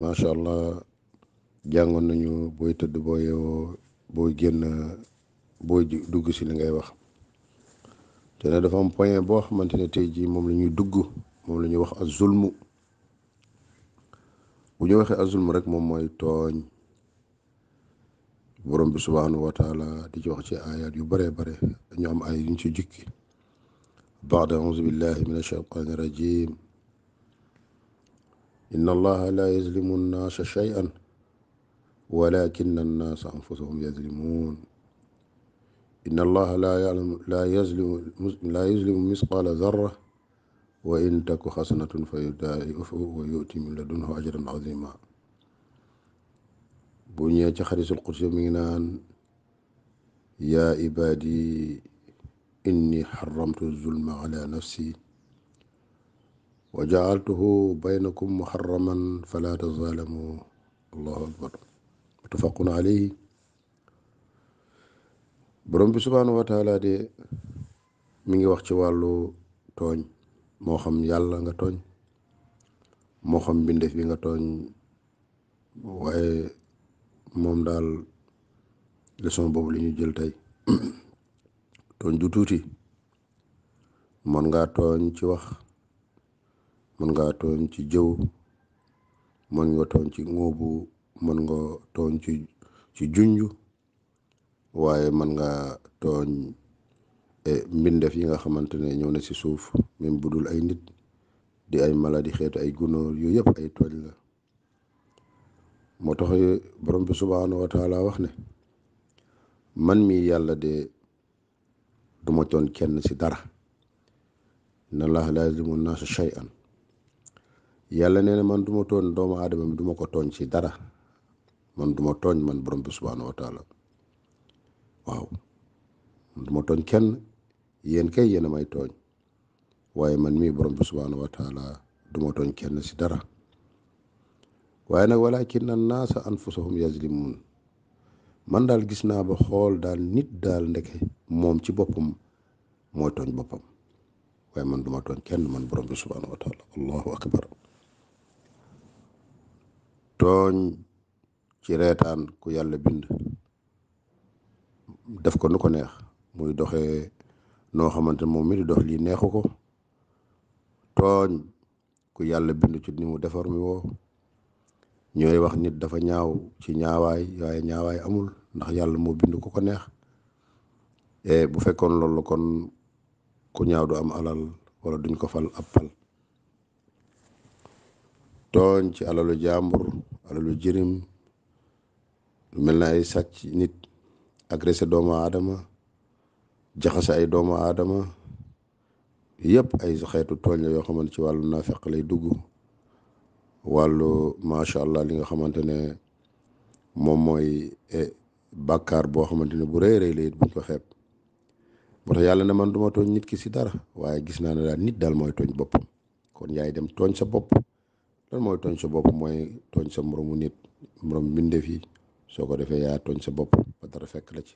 macha allah jàngoon nañu booy tëdd boo yeewoo booy génn boo dugg si li ngay wax te ne dafa am point boo xamante ne tey jii moom la ñuy dugg moom la ñuy wax azulmu bu ñu waxee azulmu rek moom mooy tooñ borom bi subhanahu wa taala di ci wax ci ayat yu bare bare dañu am ay yuñ ci jukki baada auzu billahi min ashaytani rajim inna allaha la yazlimu nnaasa shay'an walakina annaasa anfusahum yazlimuun inna allaha la yazlimu la yazlimu misqaala zarra wa in taku xasanatun fa yudaa'ifuhu wa yu'ti min ladunhu ajran azima bu ñëwee ci xadiisul qudsi mi ngi naan yaa ibaadi inni xaramtu zulma ala nafsi wa jaaltuhu baynakum muharraman fala tazalamu allahu akbar mutafaqun alayhi borom bi subhaanahu wa taala de mi ngi wax ci wàllu tooñ moo xam yàlla nga tooñ moo xam mbindeef bi nga tooñ waaye moom daal leçon boobu li ñu jël tey tooñ du tuuti mën ngaa tooñ ci wax mën nga tooñ ci jëw mën nga tooñ ci ngóobu mën nga tooñ ci ci junj waaye mën nga tooñ e, mbindeef yi nga xamante ne ñëw na si suuf même bu dul ay nit di ay maladi xeetu ay gunóor yu yëpp ay tooñ la moo tax borom bi subhaanahu wa wax ne man mi yàlla de duma tooñ kenn si dara inna allaha laa yazlimu nnaasa shay'an yàlla nee na man duma ma tooñ doomu aadama bi du ko tooñ ci dara man du ma tooñ man borom bi subhaanahu wa tooñ kenn yéen kay yéen a may tooñ waaye man mii borom bi subhaanahu kenn ci dara waaye nag walakin annaasa anfusahum yazlimun man daal gis naa ba xool daal nit daal ndeke moom ci boppam mooy tooñ boppam waaye man du ma tooñ kenn man borom bi subhaanahu tooñ ci reetaan ku yàlla bind def ko nu ko neex muy doxe noo xamante moom mi di dox lii neexu ko tooñ ku yàlla bind ci ni mu defar mi woo ñooy wax nit dafa ñaaw ci ñaawaay waaye ñaawaay amul ndax yàlla moo bind ko ko neex eh, bu fekkoon loolu kon ku ñaaw du am alal wala duñ ko fal ab pal tooñ ci alalu jàmbur alalu jërim lu mel na ay sàcc nit agressé doomu aadama jaxase ay doomu aadama yëpp ay xeetu tooñ la yoo xamante ci wàllu naafeq lay dugg wàllu macha allah li nga xamante ne moom mooy eh, bàkkaar boo xamante ne bu rëy rey la it buñ ko xeeb moo tax yàlla na man duma tooñ nit ki si dara waaye gis naa ne daal nit daal mooy tooñ boppam kon yaay dem tooñ sa bopp loolu mooy tooñ sa bopp mooy tooñ sa moromu nit morom mbindeef yi soo ko defee yaa tooñ sa bopp ba dara fekk la ci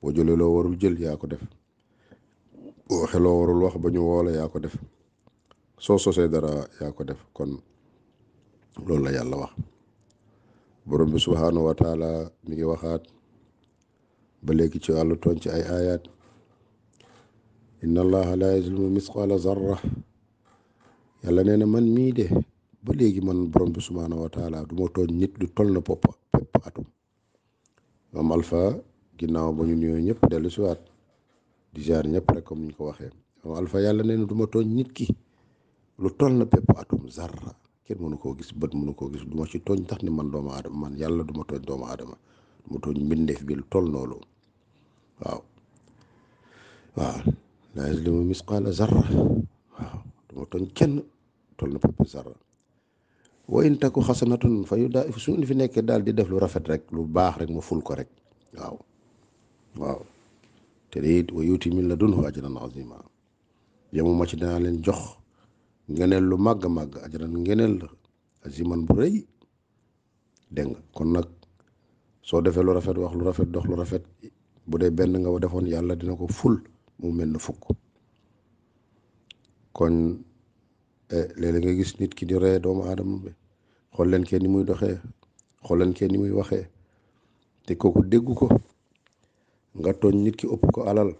boo jëlee loo warul jël yaa def boo waxee warul wax ba ñu woo la def soo sosee dara yaa def kon loolu la yàlla wax borom bi subhaanahu wa mi ngi waxaat ba léegi ci wàllu tooñ ci ay aayaat inna allaha la yazlimu misqala zarra yàlla nee na man mii de ba léegi man borom bi subhaanahu wa taala du ma tooñ nit du toll na popp pepp atum maam Alpha ginnaaw ba ñu nuyoo ñëpp dellu si waat di jaar ñëpp rek comme ni ñu ko waxee maam Alpha yàlla nee na du ma tooñ nit ki lu tol na pepp atum zarra kenn mënu koo gis bët mënu koo gis du ma ci tooñ tax ni man doomu aadama man yàlla du ma tooñ doomu aadama du ma mbindeef bi lu tol noonu waaw waaw laa yazlimu misqaala zarra waaw du ma tooñ kenn toll na pepp zarra wa in taku xasanatun fa yu daa su fi nekkee daal di def lu rafet rek lu baax rek mu ful ko rek waaw te de it wa yuuti min ladunhu ajran azima yemuma ci danaa leen jox ngeneel lu màgg a màgg ajran ngeneel la aziman bu rëy dégg nga kon nag soo defee lu rafet wax lu rafet dox lu rafet bu dee benn nga wa defoon yàlla dina ko ful mu mel ne fukk kon Eh, léeg-léeg nga gis nit ki di ree doomu aadama bi xool leen kenn ni muy doxe xool leen ni muy waxee te kooku dégg ko nga tooñ nit ki ëpp ko alal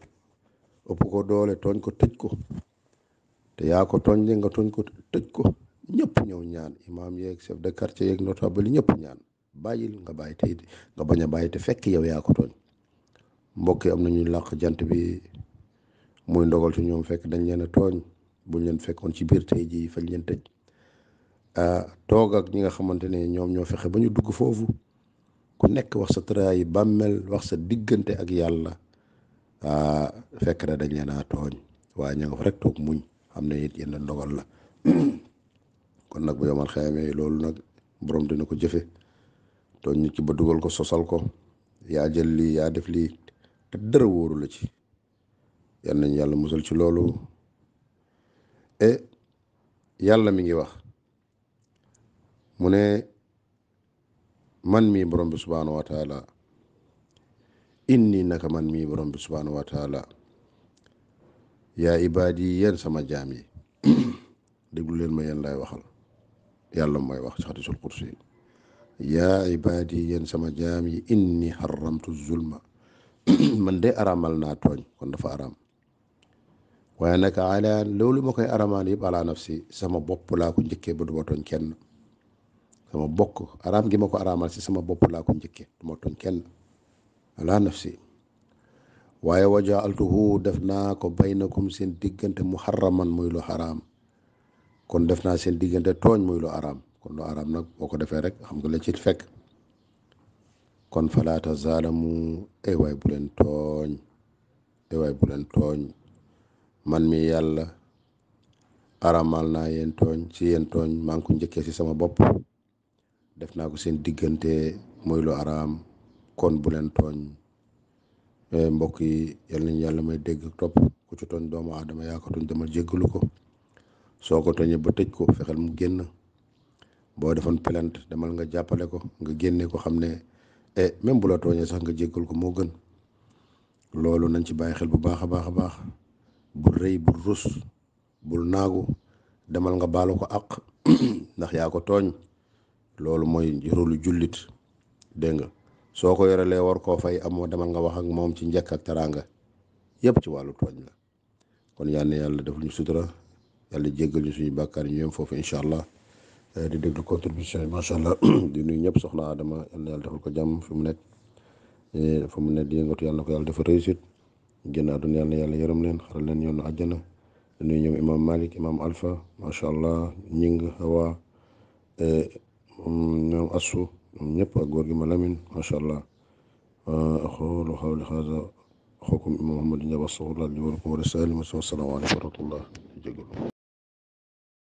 ëpp ko doole tooñ ko tëj ko te yaa ko tooñ de nga tooñ ko tëj ko ñëpp ñëw ñaan imaam yeeg chef de quartier yeeg notable ñëpp ñaan bàyyil nga bàyyi te nga bañ a bàyyi te fekk yow yaa ko tooñ mbokki am na ñu làq jant bi muy ndogal ci ñoom fekk dañ leen a tooñ. buñ leen fekkoon ci biir tey jii fañ leen tëj ah, toog ak ñi nga xamante ne ñoom ñoo fexe ba ñu dugg foofu ku nekk wax sa yi bàmmeel wax sa diggante ak yàlla ah, fekk na dañ leen a tooñ waaye ña nga fa rek toog muñ am na it yenn ndogal la kon nag bu yomal xayamee loolu nag borom dina ko jëfe tooñ nit ki ba dugal ko sosal ko yaa jël lii yaa def lii te dara wóoru ci yan nañ yàlla musal ci loolu e yàlla mi ngi wax mu ne man mii borom bi subhaanahu wa taala inni naka man mi borom bi subhaanahu wa taala yaa ibaad yéen sama jaam yi leen ma yéen lay waxal yàlla mooy wax ci xadisul kursi yaa ibaad yi sama jaam yi inni xaramtu zulma man de aramal naa tooñ kon dafa aram waaye nag alaan loolu ma koy aramaan yëpp ala nafsi sama bopp laako ko njëkkee ba du ma tooñ kenn sama bokk araam gi ma ko araamal si sama bopp laako ko njëkkee du kenn ala nafsi waaye wajaaltuhu def naa ko kom seen diggante muharraman muy lu xaraam kon def naa seen diggante tooñ muy araam kon lu araam nag boo ko defee rek xam nga la ci fekk kon falaata zaalamu ay waay bu leen tooñ ay waay bu man mi yàlla aramal naa yéen tooñ ci yéen tooñ maa ngi ko njëkkee ci sama bopp def naa ko seen diggante mooy lu araam kon bu leen tooñ eh, mbokk yi yal nañu yàlla may dégg topp ku ci tooñ doomu aadama yaa ko tooñ demal ko soo ko tooñee ba tëj ko fexeel mu génn boo defoon plainte demal nga jàppale ko nga génne ko xam ne eh même bu la sax nga jéggal ko moo gën loolu nañ ci bàyyi xel bu baax a baax a baax bul rëy bul rus bul naagu demal nga baalo ko àq ndax yaa ko tooñ loolu mooy rôlu jullit dégg nga soo ko yorelee war koo fay amoo demal nga wax ak moom ci njëkk ak teraanga yëpp ci wàllu tooñ la kon yal na yàlla def defal ñu sutura yàlla jéggal ñu suñu bàkkaar ñu yem foofu incha allah eh, di déglu contribution yi macha allah di nuyu ñëpp soxna Adama yal na defal ko jàmm fi mu nekk eh, fa mu nekk yàlla na ko yàlla dafa réussite génn àdduna yàlla yàlla yërëm leen xaral leen yoonu àjjana dañuy ñoom imam malik imam alpha macha allah ñing hawa eh, ñoom assu ñoom ñëpp ak góor gi ma lamin macha allah aqulu ah, qawli hadha axukum imam muhammad Ndiaye wastaghfirullah li wa lakum wa li saa'iril muslimin wa salaamu alaykum wa rahmatullah jégalu